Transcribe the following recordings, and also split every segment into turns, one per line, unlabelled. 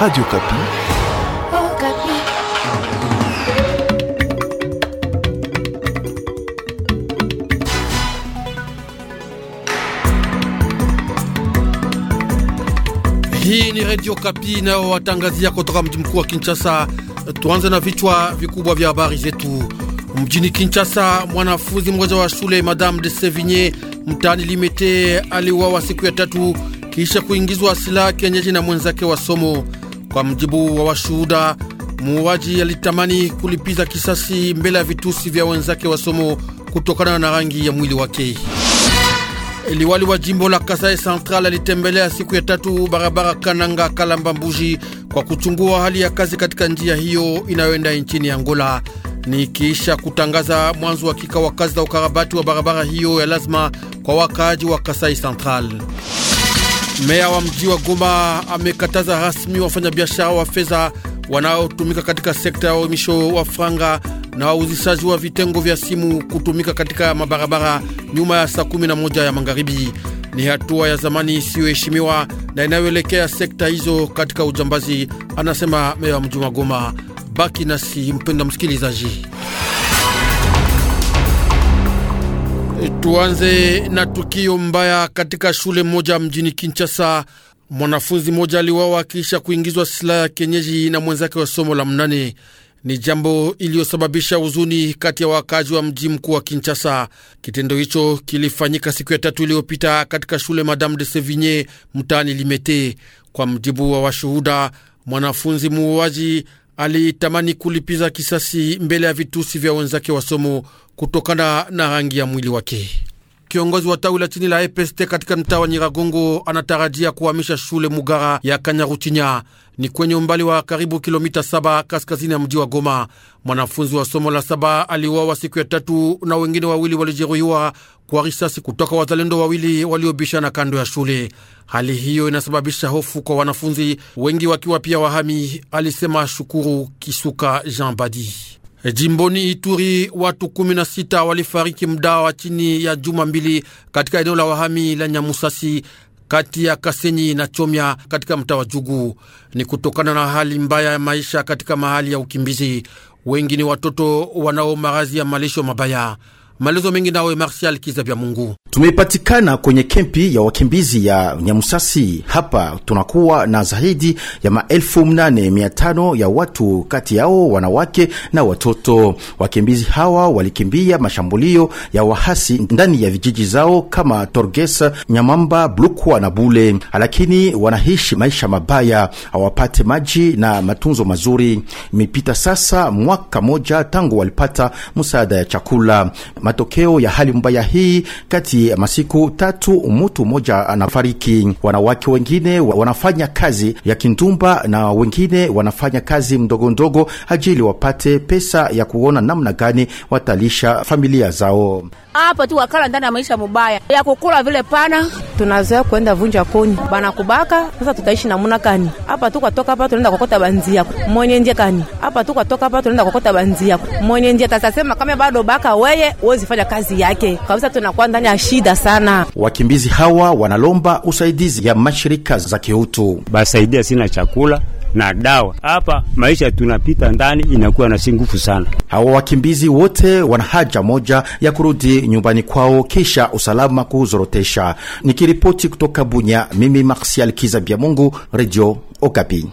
Radio Kapi.
Oh, Kapi.
Hii ni Radio Kapi nao watangazia kutoka mji mkuu wa Kinshasa. Tuanze na vichwa vikubwa vya habari zetu. Mjini Kinshasa, mwanafunzi mmoja wa shule Madame de Sevigne mtaani Limete aliuawa siku ya tatu kisha kuingizwa silaha kienyeji na mwenzake wa somo. Kwa mjibu wa washuhuda, muuaji alitamani kulipiza kisasi mbele ya vitusi vya wenzake wa somo kutokana na rangi ya mwili wake. Liwali wa jimbo la Kasai Central alitembelea siku ya tatu barabara Kananga Kalamba Mbuji kwa kuchungua hali ya kazi katika njia hiyo inayoenda nchini Angola, ni kiisha kutangaza mwanzo wa kikao wa kazi za ukarabati wa barabara hiyo ya lazima kwa wakaaji wa Kasai Central. Meya wa mji wa Goma amekataza rasmi wafanyabiashara wa fedha wanaotumika katika sekta ya uhamisho wa franga na wauzishaji wa vitengo vya simu kutumika katika mabarabara nyuma ya saa moja ya magharibi. Ni hatua ya zamani isiyoheshimiwa na inayoelekea sekta hizo katika ujambazi, anasema meya wa mji wa Goma. Baki nasi mpenda msikilizaji. Tuanze na tukio mbaya katika shule moja mjini Kinshasa. Mwanafunzi mmoja aliwawa akiisha kuingizwa silaha ya kienyeji na mwenzake wa somo la mnane. Ni jambo iliyosababisha huzuni kati ya wakazi wa mji mkuu wa Kinshasa. Kitendo hicho kilifanyika siku ya tatu iliyopita katika shule Madame de Sevigne mtaani Limete. Kwa mjibu wa washuhuda, mwanafunzi muuaji alitamani kulipiza kisasi mbele ya vitusi vya wenzake somo kutokana na rangi ya mwili wake. Kiongozi wa tawi la chini la EPST katika mtaa wa Nyiragongo anatarajia kuhamisha shule Mugara ya Kanyaruchinya, ni kwenye umbali wa karibu kilomita saba kaskazini ya mji wa Goma. Mwanafunzi wa somo la saba aliuawa siku ya tatu na wengine wawili walijeruhiwa kwa risasi kutoka wazalendo wawili waliobishana kando ya shule. Hali hiyo inasababisha hofu kwa wanafunzi wengi, wakiwa pia wahami, alisema Shukuru Kisuka Jean Badi. Jimboni Ituri, watu 16 walifariki mda wa chini ya juma mbili katika eneo la wahami la Nyamusasi kati ya Kasenyi na Chomya katika mtaa wa Jugu. Ni kutokana na hali mbaya ya maisha katika mahali ya ukimbizi. Wengi ni watoto wanao marazi ya malisho mabaya. Maelezo mengi nawe Martial vya Mungu.
Tumepatikana kwenye kempi ya wakimbizi ya Nyamusasi. Hapa tunakuwa na zaidi ya maelfu mnane mia tano ya watu, kati yao wanawake na watoto. Wakimbizi hawa walikimbia mashambulio ya wahasi ndani ya vijiji zao kama torges Nyamamba, Blukwa na Bule, lakini wanaishi maisha mabaya, hawapate maji na matunzo mazuri. Imepita sasa mwaka moja tangu walipata msaada ya chakula. Matokeo ya hali mbaya hii, kati ya masiku tatu mutu mmoja anafariki. Wanawake wengine wanafanya kazi ya kindumba na wengine wanafanya kazi mdogo ndogo ajili wapate pesa ya kuona namna gani watalisha familia zao
hapa tu wakala ndani ya maisha mubaya ya kukula vile pana, tunazoea kwenda vunja koni bana kubaka. Sasa tutaishi namuna kani hapa tu kwatoka hapa tunaenda kokota banzia mwenye nje kani hapa tu kwatoka hapa tunaenda kokota banzia mwenye nje. Tasasema kama bado baka weye wezi fanya kazi yake kabisa, tunakuwa ndani ya shida sana.
Wakimbizi hawa wanalomba usaidizi ya mashirika za kiutu basaidia, sina chakula na dawa. Hapa maisha tunapita ndani inakuwa na si nguvu sana. Hawa wakimbizi wote wana haja moja ya kurudi nyumbani kwao, kisha usalama kuhuzorotesha. Nikiripoti kutoka Bunya, mimi Marsial Kizabia Mungu, Radio Okapi.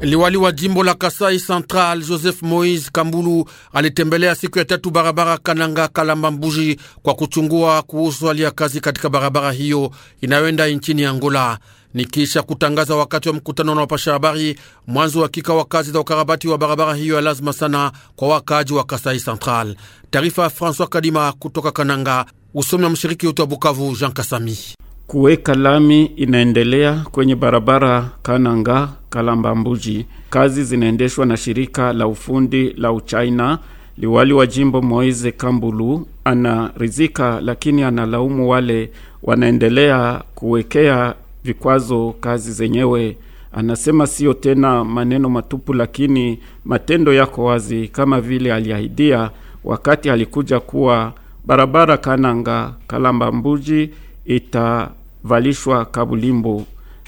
Liwali wa jimbo la Kasai Central Joseph Moise Kambulu alitembelea siku ya tatu barabara Kananga Kalamba Mbuji kwa kuchungua kuhusu hali ya kazi katika barabara hiyo inayoenda nchini Angola ni kisha kutangaza wakati wa mkutano na wapasha habari mwanzo wa kika wa kazi za ukarabati wa barabara hiyo ya lazima sana kwa wakaaji wa Kasai Central. Taarifa ya François Kadima kutoka Kananga, usomi wa mshiriki wetu wa Bukavu Jean Kasami.
Kuweka lami inaendelea kwenye barabara Kananga Kalambambuji. Kazi zinaendeshwa na shirika la ufundi la Uchina. Liwali wa jimbo Moise Kambulu anarizika, lakini analaumu wale wanaendelea kuwekea vikwazo kazi zenyewe. Anasema siyo tena maneno matupu, lakini matendo yako wazi, kama vile aliahidia wakati alikuja kuwa barabara Kananga Kalamba Mbuji itavalishwa Kabulimbo.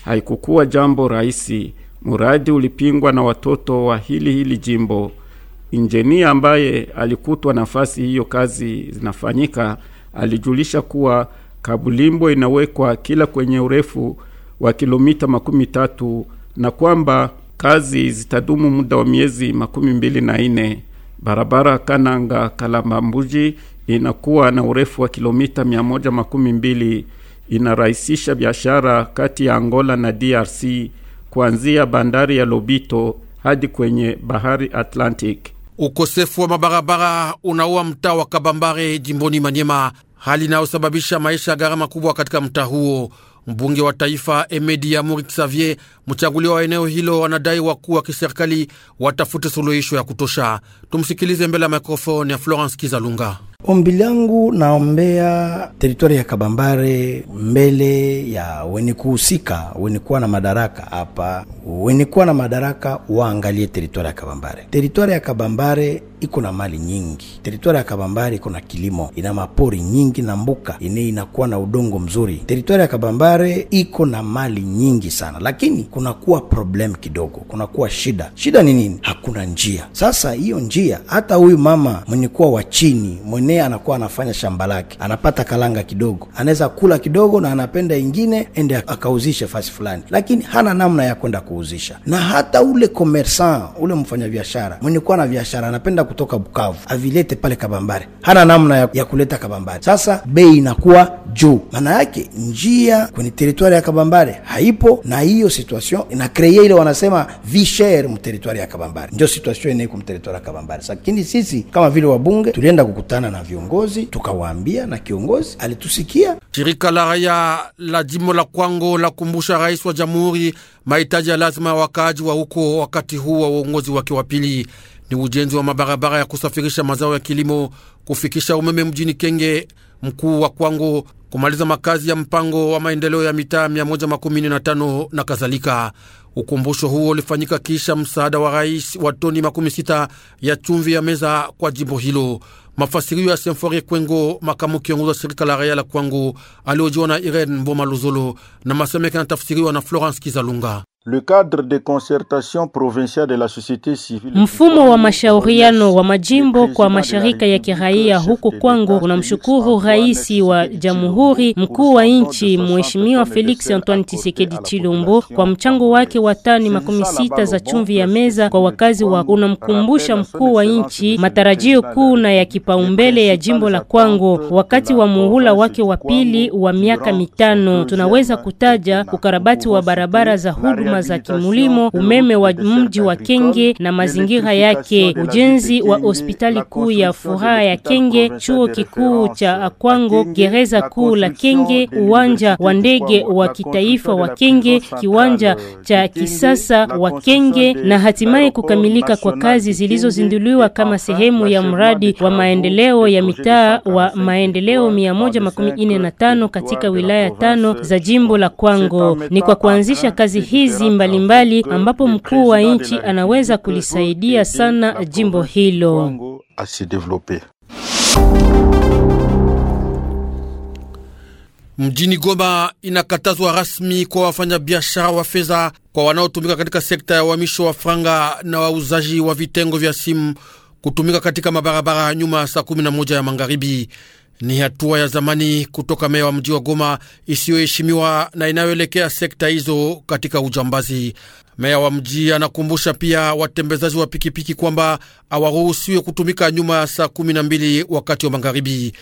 Haikukuwa jambo rahisi, muradi ulipingwa na watoto wa hili hili jimbo. Injenia ambaye alikutwa nafasi hiyo kazi zinafanyika alijulisha kuwa Kabulimbo inawekwa kila kwenye urefu wa kilomita makumi tatu na kwamba kazi zitadumu muda wa miezi makumi mbili na ine. Barabara Kananga Kalambambuji inakuwa na urefu wa kilomita mia moja makumi mbili. Inarahisisha biashara kati ya Angola na DRC kuanzia bandari ya Lobito hadi kwenye bahari Atlantic. Ukosefu wa mabarabara unaua mtaa wa
Kabambare jimboni Manyema hali inayosababisha maisha ya gharama kubwa katika mtaa huo. Mbunge wa taifa Emedi ya Muri Xavier, mchaguliwa wa eneo hilo, wanadai wakuu wa kiserikali watafute suluhisho ya kutosha. Tumsikilize mbele ya mikrofoni ya Florence Kizalunga.
Ombi langu naombea teritori ya Kabambare mbele ya wenye kuhusika, wenye kuwa na madaraka hapa, wenye kuwa na madaraka waangalie teritori ya Kabambare. Teritori ya Kabambare iko na mali nyingi. teritwari ya Kabambare iko na kilimo, ina mapori nyingi na mbuka ine inakuwa na udongo mzuri. teritwari ya Kabambare iko na mali nyingi sana, lakini kunakuwa problem kidogo, kunakuwa shida. Shida ni nini? Hakuna njia. Sasa hiyo njia, hata huyu mama mwenye kuwa wa chini mwenye mmea anakuwa anafanya shamba lake, anapata kalanga kidogo, anaweza kula kidogo na anapenda ingine ende akauzishe fasi fulani, lakini hana namna ya kwenda kuuzisha. Na hata ule komersan ule mfanyabiashara mwenye kuwa na biashara anapenda kutoka Bukavu avilete pale Kabambare, hana namna ya, ya kuleta Kabambare. Sasa bei inakuwa juu, maana yake njia kwenye teritwari ya Kabambare haipo, na hiyo situation kreye ile wanasema vishere mteritwari ya Kabambare, ndio situation inaiko mteritwari ya Kabambare. Lakini sisi kama vile wabunge tulienda kukutana na viongozi, tukawaambia na kiongozi alitusikia.
Shirika la raia la jimbo la Kwango la kumbusha rais wa jamhuri mahitaji ya lazima ya wakaaji wa huko wakati huu wa uongozi wake wa pili ni ujenzi wa mabarabara ya kusafirisha mazao ya kilimo kufikisha umeme mjini Kenge, mkuu wa Kwango, kumaliza makazi ya mpango wa maendeleo ya mitaa 115 na kadhalika. Ukumbusho huo ulifanyika kisha msaada wa rais wa toni makumi sita ya chumvi ya meza kwa jimbo hilo. Mafasirio ya Semfori Kwengo, makamu kiongozi wa shirika la raia la Kwangu, aliojiwa na Irene Mboma Luzolo na masemeke anatafsiriwa na Florence Kizalunga.
Le cadre de concertation provinciale
de la société civile.
Mfumo wa mashauriano wa majimbo kwa mashirika ya kiraia huko kwangu unamshukuru rais wa jamhuri, mkuu wa nchi, Mheshimiwa Felix Antoine Tshisekedi Chilombo kwa mchango wake wa tani makumi sita za chumvi ya meza kwa wakazi wa. Unamkumbusha mkuu wa nchi matarajio kuu na ya kipaumbele ya jimbo la Kwango wakati wa muhula wake wa pili wa miaka mitano. Tunaweza kutaja ukarabati wa barabara za huduma huduma za kimulimo, umeme wa mji wa Kenge na mazingira yake, ujenzi wa hospitali kuu ya furaha ya Kenge, chuo kikuu cha Kwango, gereza kuu la Kenge, uwanja wa ndege wa kitaifa wa Kenge, kiwanja cha kisasa wa Kenge na hatimaye kukamilika kwa kazi zilizozinduliwa kama sehemu ya mradi wa maendeleo ya mitaa wa maendeleo 145 katika wilaya tano za jimbo la Kwango. Ni kwa kuanzisha kazi hizi kazi mbalimbali mbali, ambapo mkuu wa nchi anaweza kulisaidia sana jimbo hilo.
Mjini Goma inakatazwa rasmi kwa wafanyabiashara wa fedha kwa wanaotumika katika sekta ya uhamisho wa franga na wauzaji wa vitengo vya simu kutumika katika mabarabara nyuma ya saa 11 ya magharibi. Ni hatua ya zamani kutoka meya wa mji wa Goma isiyoheshimiwa na inayoelekea sekta hizo katika ujambazi. Meya wa mji anakumbusha pia watembezaji wa pikipiki kwamba hawaruhusiwe kutumika nyuma ya saa kumi na mbili wakati wa magharibi.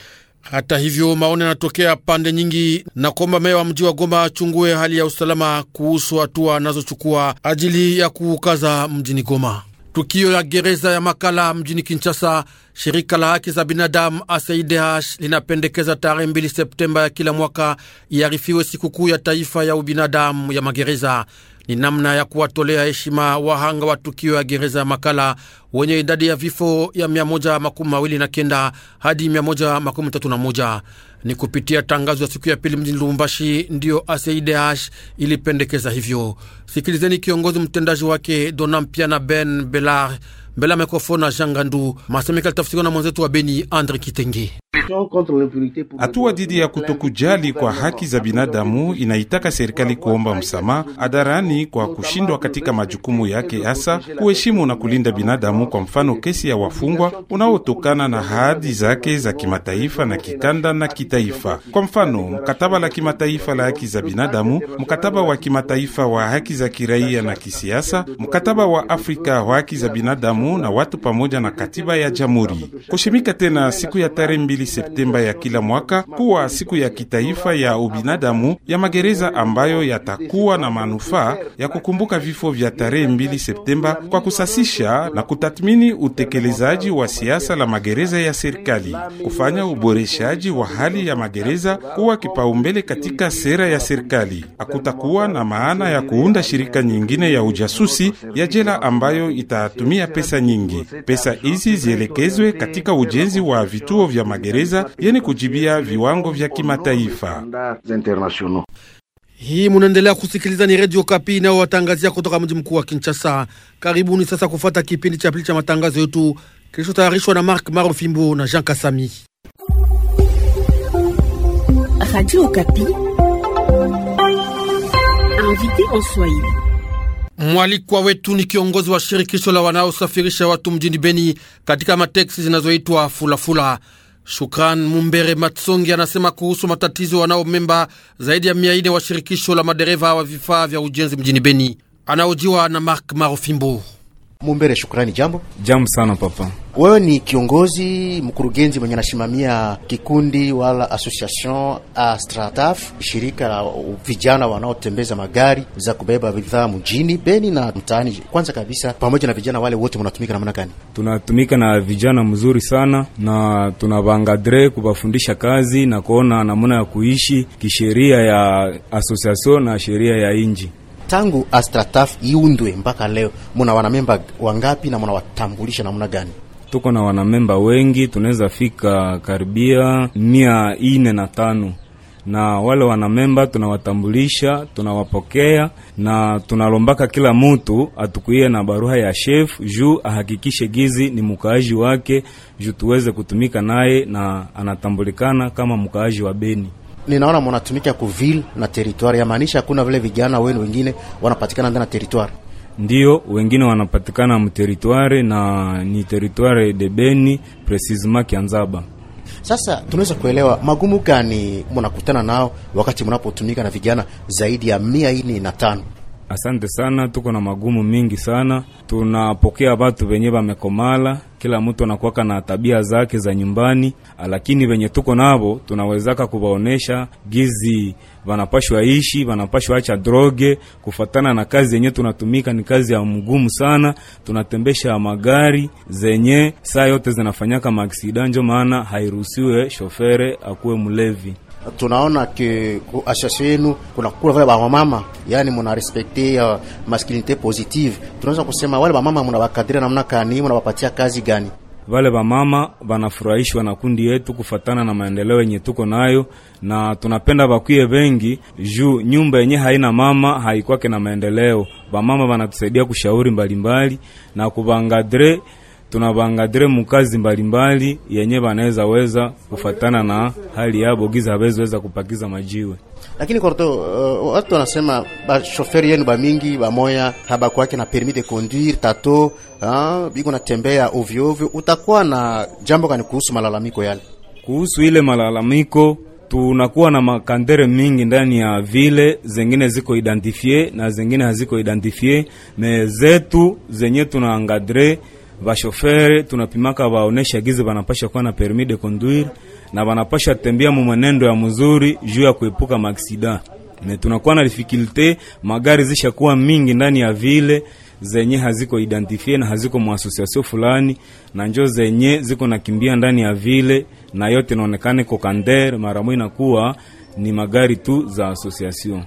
Hata hivyo, maoni yanatokea pande nyingi na kwamba meya wa mji wa Goma achungue hali ya usalama kuhusu hatua anazochukua ajili ya kuukaza mjini Goma. Tukio la gereza ya Makala mjini Kinshasa, shirika la haki za binadamu ACIDH linapendekeza tarehe 2 Septemba ya kila mwaka iarifiwe sikukuu ya taifa ya ubinadamu ya magereza. Ni namna ya kuwatolea heshima wahanga wa tukio ya gereza ya Makala wenye idadi ya vifo ya 129 hadi 131. Ni kupitia tangazo ya siku ya pili mjini Lubumbashi ndiyo ACIDH ilipendekeza hivyo. Sikilizeni kiongozi mtendaji wake Dona na Ben Belar mbele ya mikrofoni na Jean Gandu. Masemeka alitafsiriwa na mwenzetu wa Beni Andre Kitenge.
Hatua dhidi ya kutokujali kwa haki za binadamu inaitaka serikali kuomba msamaha hadharani kwa kushindwa katika majukumu yake, hasa kuheshimu na kulinda binadamu, kwa mfano kesi ya wafungwa unaotokana na ahadi zake za kimataifa na kikanda na kitaifa, kwa mfano mkataba la kimataifa la haki za binadamu, mkataba wa kimataifa wa haki za kiraia na kisiasa, mkataba wa Afrika wa haki za binadamu na watu, pamoja na katiba ya jamhuri kushimika tena siku ya tarehe mbili Septemba ya kila mwaka kuwa siku ya kitaifa ya ubinadamu ya magereza ambayo yatakuwa na manufaa ya kukumbuka vifo vya tarehe 2 Septemba kwa kusasisha na kutathmini utekelezaji wa siasa la magereza ya serikali, kufanya uboreshaji wa hali ya magereza kuwa kipaumbele katika sera ya serikali. Hakutakuwa na maana ya kuunda shirika nyingine ya ujasusi ya jela ambayo itatumia pesa nyingi. Pesa hizi zielekezwe katika ujenzi wa vituo vya magereza Kiingereza, yani kujibia viwango vya kimataifa.
Hii munaendelea kusikiliza, ni Radio Kapi inayowatangazia kutoka mji mkuu wa Kinshasa. Karibuni sasa kufata kipindi cha pili cha matangazo yetu kilichotayarishwa na Mark Marofimbo na Jean Kasami.
Radio Kapi invité en
Mwalikwa wetu ni kiongozi wa shirikisho la wanaosafirisha watu mjini Beni katika mateksi zinazoitwa fulafula. Shukran Mumbere Matsongi anasema kuhusu matatizo wanaomemba zaidi ya mia ine wa shirikisho la madereva wa vifaa vya ujenzi mjini Beni. Anaojiwa na Mark Marofimbo.
Mumbere, shukrani. Jambo jambo sana papa. Wewe ni kiongozi mkurugenzi mwenye anasimamia kikundi wala association Astrataf, shirika la vijana wanaotembeza magari za kubeba bidhaa mjini Beni na mtaani. Kwanza kabisa, pamoja na vijana wale wote mnatumika namna gani?
Tunatumika na vijana mzuri sana, na tunavangadre kubafundisha kazi na kuona namna ya kuishi kisheria ya association
na sheria ya inji tangu Astrataf iundwe mpaka leo muna wanamemba wangapi na munawatambulisha namna gani?
Tuko na wanamemba wengi, tunaweza fika karibia mia ine na tano na wale wanamemba tunawatambulisha, tunawapokea na tunalombaka kila mutu atukuie na barua ya chef juu ahakikishe gizi ni mkaaji wake, juu tuweze kutumika naye na
anatambulikana kama mkaaji wa Beni ninaona mnatumika ku ville na territoire, yamaanisha hakuna vile vijana wenu wengine wanapatikana ndani ya territoire Ndiyo, wengine wanapatikana
territoire na ni territoire de Beni precisement Kianzaba.
Sasa tunaweza kuelewa magumu gani mnakutana nao wakati mnapotumika na vijana zaidi ya mia na tano. Asante sana, tuko na magumu mingi sana.
Tunapokea watu venye vamekomala, kila mtu anakuwaka na tabia zake za nyumbani, lakini venye tuko navo tunawezaka kuvaonesha gizi vanapashwa ishi, vanapashwa acha droge, kufatana na kazi yenye tunatumika. Ni kazi ya mgumu sana, tunatembesha magari zenye saa yote zinafanyaka maaksida, njo maana hairuhusiwe
shofere akuwe mlevi tunaona ke asasi yenu kunakula vale bamama, yani munarespekte uh, masculinite positive. Tunaweza kusema wale bamama munabakadira namna kani, munabapatia kazi gani?
Wale bamama banafurahishwa na kundi yetu kufatana na maendeleo yenye tuko nayo, na tunapenda bakuye bengi juu nyumba yenye haina mama haikwake na maendeleo. Bamama banatusaidia kushauri mbalimbali mbali, na kubangadre tunabangadire mukazi mbalimbali yenye banaweza weza kufatana na hali yabo giza haweziweza kupakiza majiwe.
Lakini korto uh, watu wanasema bashoferi yenu ba ba mingi moya haba kwake na permis de conduire tato uh, biko natembea ovyo ovyo. Utakuwa na jambo gani kuhusu malalamiko yale?
Kuhusu ile malalamiko tunakuwa na makandere mingi ndani ya vile zengine ziko identifie na zengine haziko identifie me zetu zenye tunaangadre Bashofere tunapimaka baonesha gizi banapasha kuwa na permis de conduire na banapasha tembea mu mwenendo ya mzuri juu ya kuepuka maaksida. Ne tunakuwa na difikilte, magari zishakuwa mingi ndani ya vile zenye haziko identifie na haziko mu association fulani, na njo zenye ziko nakimbia ndani ya vile, na yote inaonekana kokander mara moja nakuwa ni magari tu za association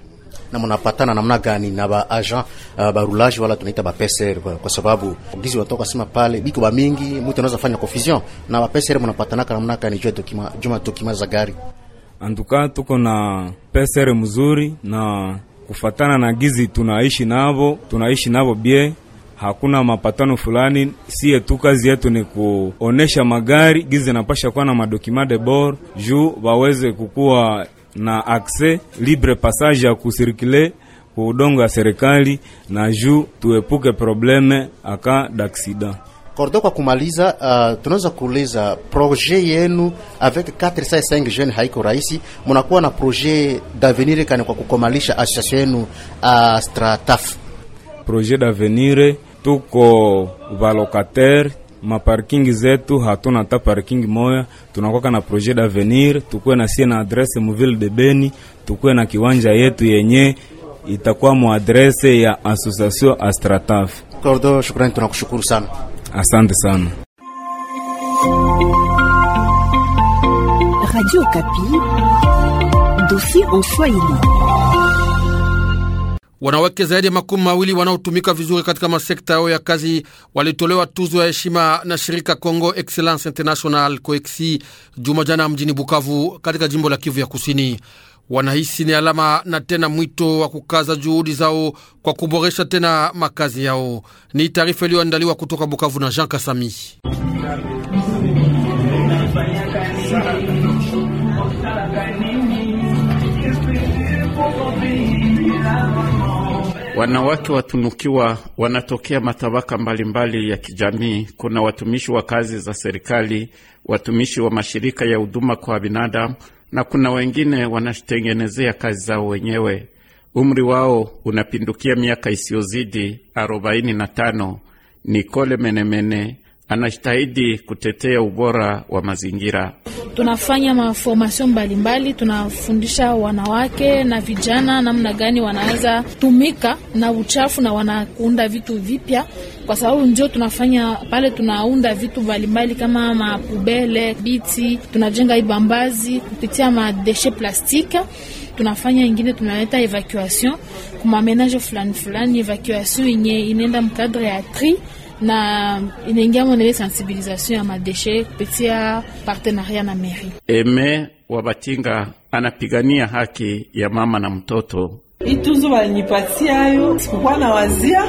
na mnapatana namna gani na ba agent uh, ba roulage wala tunaita ba PCR, kwa sababu gizi watoka sema pale biko ba mingi mtu anaweza fanya confusion na ba PCR, mnapatana namna gani jua dokima juma dokima za gari
anduka tuko na PCR mzuri na kufatana na gizi tunaishi navo tunaishi navo bie hakuna mapatano fulani. Sie tu kazi yetu ni kuonesha magari gizi napasha kuwa na madokima de bord juu waweze kukuwa na akse libre passage ya kusirikile ku udongo ya serikali na juu tuepuke probleme aka daksida
Kordo, kwa kumaliza, uh, tunaweza kuuliza projet yenu avec 405 jeunes haiko rahisi. Mnakuwa na projet d'avenir kani kwa kukomalisha association yenu uh, Strataf? Projet d'avenir tuko
valocataire maparking zetu hatuna hata parking moya. Tunakwaka na projet d'avenir, tukuwe na sie na adresse muville de Beni, tukuwe na kiwanja yetu yenye itakuwa muadrese ya association Astrataf. Kordo, shukrani, tunakushukuru sana, asante sana.
Radio Kapi, dossier en Swahili.
Wanawake zaidi ya makumi mawili wanaotumika vizuri katika masekta yao ya kazi walitolewa tuzo ya heshima na shirika Congo Excellence International Coexi juma jana mjini Bukavu katika jimbo la Kivu ya Kusini. Wanahisi ni alama na tena mwito wa kukaza juhudi zao kwa kuboresha tena makazi yao. Ni taarifa iliyoandaliwa kutoka Bukavu na Jean Kasami.
Wanawake watunukiwa wanatokea matabaka mbalimbali ya kijamii. Kuna watumishi wa kazi za serikali, watumishi wa mashirika ya huduma kwa binadamu, na kuna wengine wanatengenezea kazi zao wenyewe. Umri wao unapindukia miaka isiyozidi 45 nicole tano. Menemene anajitahidi kutetea ubora wa mazingira.
Tunafanya maformasio mbalimbali, tunafundisha wanawake na vijana namna gani wanaweza tumika na uchafu na wanakuunda vitu vipya, kwa sababu ndio tunafanya pale, tunaunda vitu mbalimbali kama mapubele biti, tunajenga ibambazi kupitia madeshe plastike tunafanya ingine, tunaleta evacuation kumamenaje fulani fulani, evacuation yenye inaenda mkadre ya tri na inaingia mwana ile sensibilisation ya madeshe kupitia partenaria na meri.
Eme Wabatinga anapigania haki ya mama na mtoto.
Ituzo walinipatia hayo sikukuwa na wazia,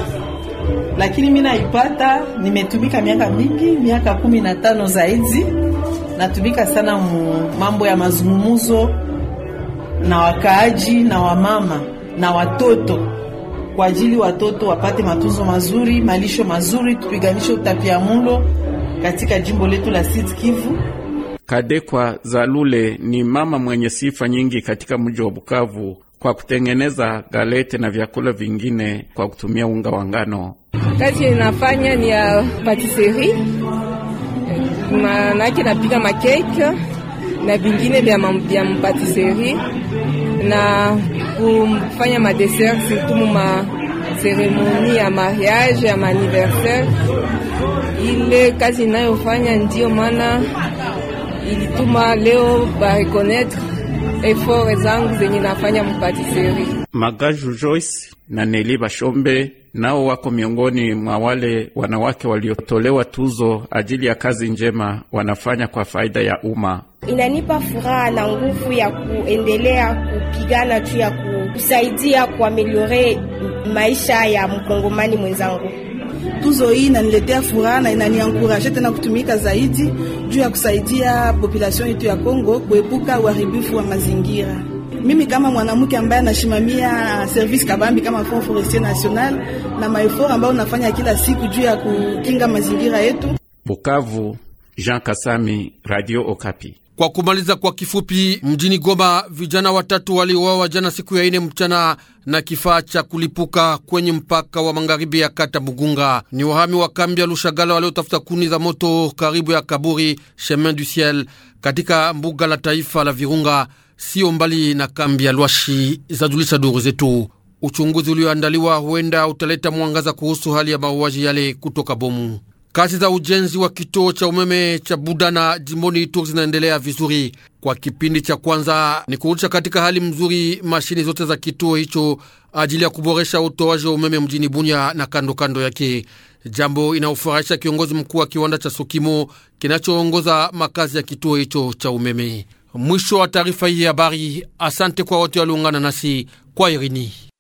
lakini mi naipata. Nimetumika miaka mingi, miaka kumi na tano zaidi. Natumika sana mambo ya mazungumuzo na wakaaji na wamama na watoto kwa ajili watoto wapate matunzo mazuri, malisho mazuri, tupiganishe mulo katika jimbo letu la Sud Kivu.
Kadekwa Zalule ni mama mwenye sifa nyingi katika mji wa Bukavu kwa kutengeneza galete na vyakula vingine kwa kutumia unga wa ngano.
Kazi inafanya ni ya patisserie, manake napika makeke na vingine vya mpatisserie na kufanya madessert surtout ma cérémonie ya mariage ya maaniversaire. Ile kazi inayofanya ndio maana ilituma leo reconnaître efo zangu zenye nafanya mpatiseri.
Magaju Joyce na Neli Bashombe nao wako miongoni mwa wale wanawake waliotolewa tuzo ajili ya kazi njema wanafanya kwa faida ya umma.
Inanipa furaha na nguvu ya kuendelea kupigana juu ya kusaidia kuameliore maisha ya mkongomani mwenzangu tuzo hii inaniletea furaha na inaniankuraje tena kutumika zaidi juu ya kusaidia population yetu ya Kongo kuepuka uharibifu wa mazingira. Mimi kama mwanamke ambaye anashimamia service kabambi kama Fond Forestier National na maefort ambayo unafanya kila siku juu ya kukinga mazingira yetu.
Bukavu, Jean Kasami, Radio Okapi. Kwa
kumaliza kwa kifupi, mjini Goma vijana watatu waliuawa jana siku ya ine mchana na kifaa cha kulipuka kwenye mpaka wa magharibi ya kata Mugunga. Ni wahami wa kambi ya Lushagala waliotafuta kuni za moto karibu ya kaburi Chemin du Ciel katika mbuga la taifa la Virunga, sio mbali na kambi ya Lwashi, zajulisha duru zetu. Uchunguzi ulioandaliwa huenda utaleta mwangaza kuhusu hali ya mauaji yale kutoka bomu. Kazi za ujenzi wa kituo cha umeme cha Budana jimboni Ituri zinaendelea vizuri. Kwa kipindi cha kwanza ni kurudisha katika hali mzuri mashini zote za kituo hicho ajili ya kuboresha utoaji wa umeme mjini Bunya na kando kando yake, jambo inaofurahisha kiongozi mkuu wa kiwanda cha Sukimo kinachoongoza makazi ya kituo hicho cha umeme. Mwisho wa taarifa hii habari. Asante kwa wote waliungana nasi kwa Irini.